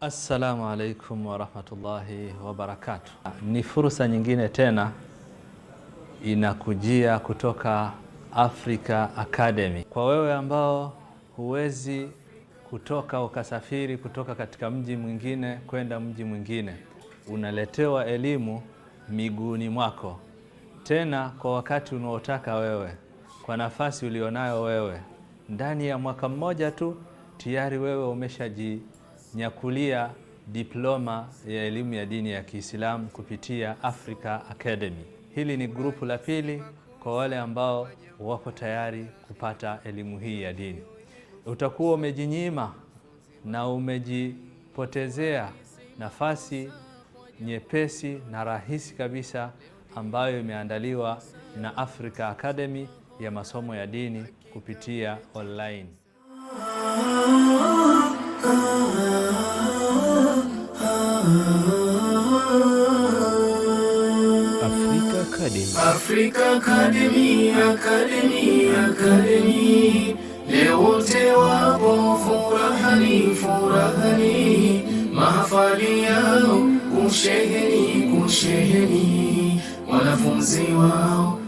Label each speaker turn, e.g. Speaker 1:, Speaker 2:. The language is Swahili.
Speaker 1: Assalamu alaikum warahmatullahi wabarakatuh. Ni fursa nyingine tena inakujia kutoka Africa Academy. Kwa wewe ambao huwezi kutoka ukasafiri kutoka katika mji mwingine kwenda mji mwingine, unaletewa elimu miguuni mwako, tena kwa wakati unaotaka wewe, kwa nafasi ulionayo wewe. Ndani ya mwaka mmoja tu tayari wewe umeshaji kujinyakulia diploma ya elimu ya dini ya Kiislamu kupitia Africa Academy. Hili ni grupu la pili kwa wale ambao wako tayari kupata elimu hii ya dini. Utakuwa umejinyima na umejipotezea nafasi nyepesi na rahisi kabisa ambayo imeandaliwa na Africa Academy ya masomo ya dini kupitia online.
Speaker 2: Africa Academy.
Speaker 3: Africa Academy, Academy, Academy. Leo wote wapo furahani, furahani. Mahafali yao kusheheni, kusheheni. Wanafunzi wao